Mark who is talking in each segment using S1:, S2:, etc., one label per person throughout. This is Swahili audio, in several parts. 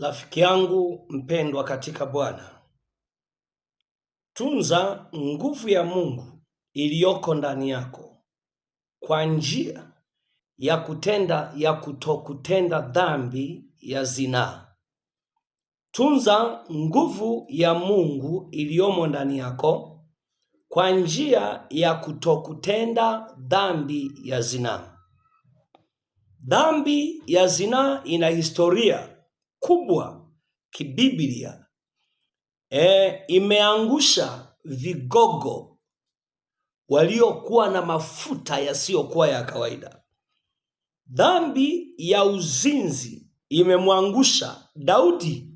S1: Rafiki yangu mpendwa katika Bwana, tunza nguvu ya Mungu iliyoko ndani yako kwa njia ya kutenda ya kutokutenda dhambi ya zinaa. Tunza nguvu ya Mungu iliyomo ndani yako kwa njia ya kutokutenda dhambi ya zinaa. Dhambi ya zinaa ina historia kubwa kibiblia e, imeangusha vigogo waliokuwa na mafuta yasiyokuwa ya kawaida. Dhambi ya uzinzi imemwangusha Daudi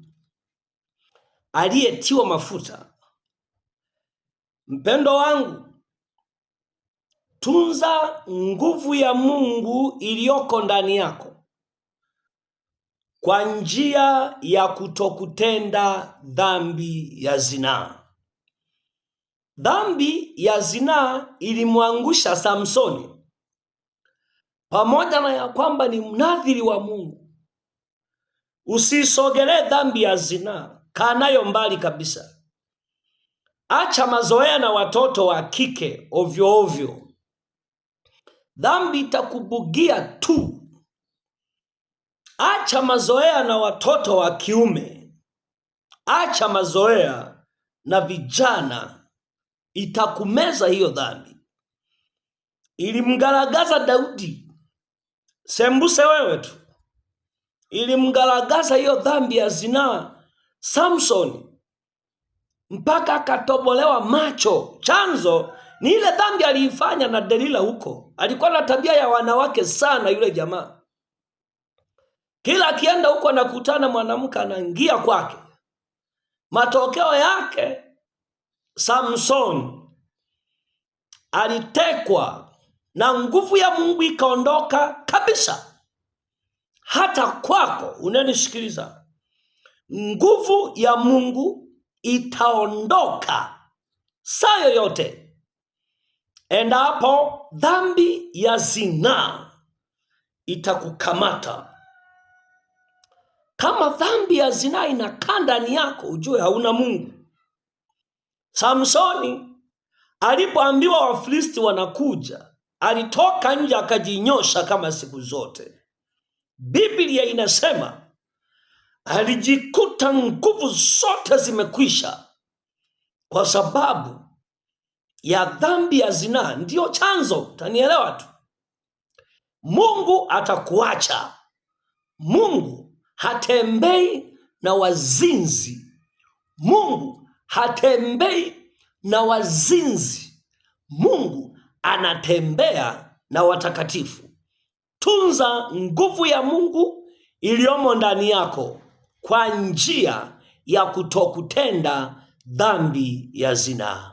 S1: aliyetiwa mafuta. Mpendo wangu, tunza nguvu ya Mungu iliyoko ndani yako kwa njia ya kutokutenda dhambi ya zinaa. Dhambi ya zinaa ilimwangusha Samsoni, pamoja na ya kwamba ni mnadhiri wa Mungu. Usisogelee dhambi ya zinaa, kaa nayo mbali kabisa. Acha mazoea na watoto wa kike ovyo ovyo, dhambi itakubugia tu Acha mazoea na watoto wa kiume, acha mazoea na vijana, itakumeza hiyo dhambi. Ilimgaragaza Daudi, sembuse wewe tu, ilimgaragaza hiyo dhambi ya zinaa Samson mpaka akatobolewa macho. Chanzo ni ile dhambi aliifanya na Delila huko, alikuwa na tabia ya wanawake sana yule jamaa. Kila akienda huko anakutana mwanamke anaingia kwake. Matokeo yake samson alitekwa na nguvu ya Mungu ikaondoka kabisa. Hata kwako unanisikiliza, nguvu ya Mungu itaondoka saa yoyote endapo dhambi ya zinaa itakukamata kama dhambi ya zinaa inakaa ndani yako ujue hauna mungu samsoni alipoambiwa wafilisti wanakuja alitoka nje akajinyosha kama siku zote biblia inasema alijikuta nguvu zote zimekwisha kwa sababu ya dhambi ya zinaa ndiyo chanzo tanielewa tu mungu atakuacha mungu hatembei na wazinzi. Mungu hatembei na wazinzi. Mungu anatembea na watakatifu. Tunza nguvu ya Mungu iliyomo ndani yako kwa njia ya kutokutenda dhambi ya zinaa.